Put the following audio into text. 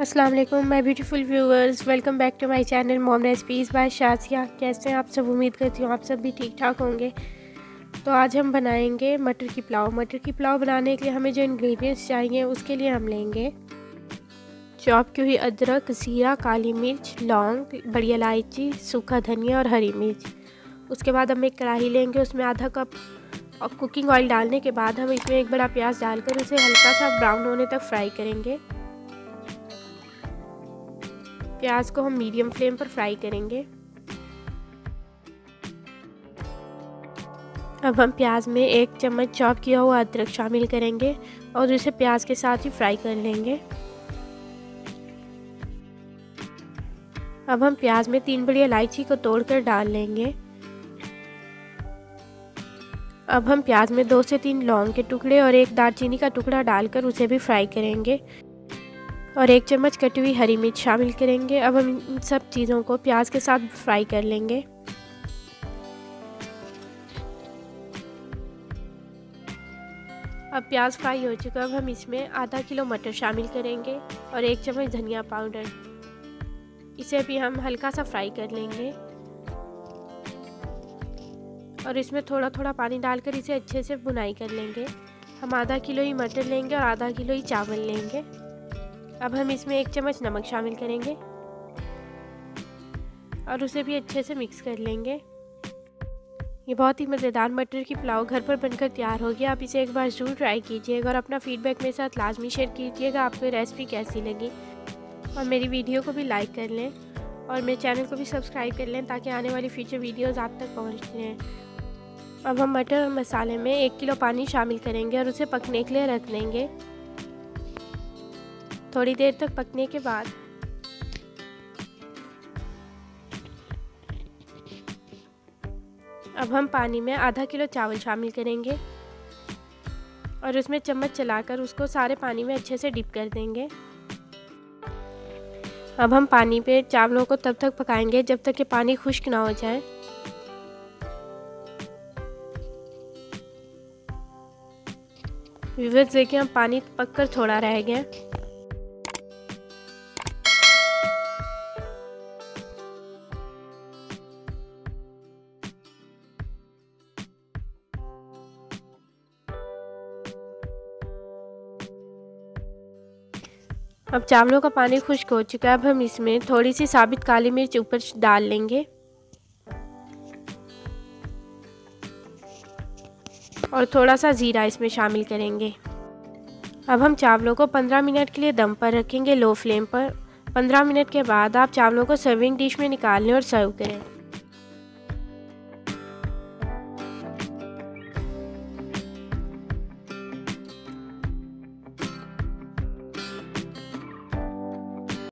अस्सलाम वालेकुम my beautiful viewers welcome back to my channel mom recipes by Shazia कैसे हैं आप सब उम्मीद करती हूँ आप सब भी ठीक ठाक होंगे तो आज हम बनाएंगे मटर की पुलाव मटर की पुलाव बनाने के लिए हमें जो इंग्रेडिएंट्स चाहिए उसके लिए हम लेंगे चॉप की हुई अदरक ज़ीरा काली मिर्च लौंग बड़ी इलायची सूखा धनिया और हरी मिर्च उसके बाद हम एक कढ़ाई लेंगे उसमें आधा कप और कुकिंग ऑयल डालने के बाद हम इसमें एक बड़ा प्याज डालकर उसे हल्का सा ब्राउन होने तक फ्राई करेंगे प्याज को हम मीडियम फ्लेम पर फ्राई करेंगे अब हम प्याज में एक चम्मच चॉप किया हुआ अदरक शामिल करेंगे और इसे प्याज के साथ ही फ्राई कर लेंगे अब हम प्याज में तीन बड़ी इलायची को तोड़कर डाल लेंगे अब हम प्याज में दो से तीन लौंग के टुकड़े और एक दालचीनी का टुकड़ा डालकर उसे भी फ्राई करेंगे और एक चम्मच कटी हुई हरी मिर्च शामिल करेंगे अब हम इन सब चीज़ों को प्याज के साथ फ्राई कर लेंगे अब प्याज फ्राई हो चुका अब हम इसमें आधा किलो मटर शामिल करेंगे और एक चम्मच धनिया पाउडर इसे भी हम हल्का सा फ्राई कर लेंगे और इसमें थोड़ा थोड़ा पानी डालकर इसे अच्छे से बुनाई कर लेंगे हम आधा किलो ही मटर लेंगे और आधा किलो ही चावल लेंगे अब हम इसमें एक चम्मच नमक शामिल करेंगे और उसे भी अच्छे से मिक्स कर लेंगे ये बहुत ही मज़ेदार मटर की पुलाव घर पर बनकर तैयार हो गया आप इसे एक बार ज़रूर ट्राई कीजिएगा और अपना फीडबैक मेरे साथ लाजमी शेयर कीजिएगा आपको रेसिपी कैसी लगी और मेरी वीडियो को भी लाइक कर लें और मेरे चैनल को भी सब्सक्राइब कर लें ताकि आने वाली फ्यूचर वीडियोज़ आप तक पहुँच लें अब हम मटर और मसाले में एक किलो पानी शामिल करेंगे और उसे पकने के लिए रख लेंगे थोड़ी देर तक पकने के बाद अब हम पानी में आधा किलो चावल शामिल करेंगे और उसमें चम्मच चलाकर उसको सारे पानी में अच्छे से डिप कर देंगे अब हम पानी पे चावलों को तब तक पकाएंगे जब तक कि पानी खुश्क ना हो जाए विवेक देखिए हम पानी पक कर थोड़ा रह गया अब चावलों का पानी खुश्क हो चुका है अब हम इसमें थोड़ी सी साबित काली मिर्च ऊपर डाल लेंगे और थोड़ा सा ज़ीरा इसमें शामिल करेंगे अब हम चावलों को 15 मिनट के लिए दम पर रखेंगे लो फ्लेम पर 15 मिनट के बाद आप चावलों को सर्विंग डिश में निकाल लें और सर्व करें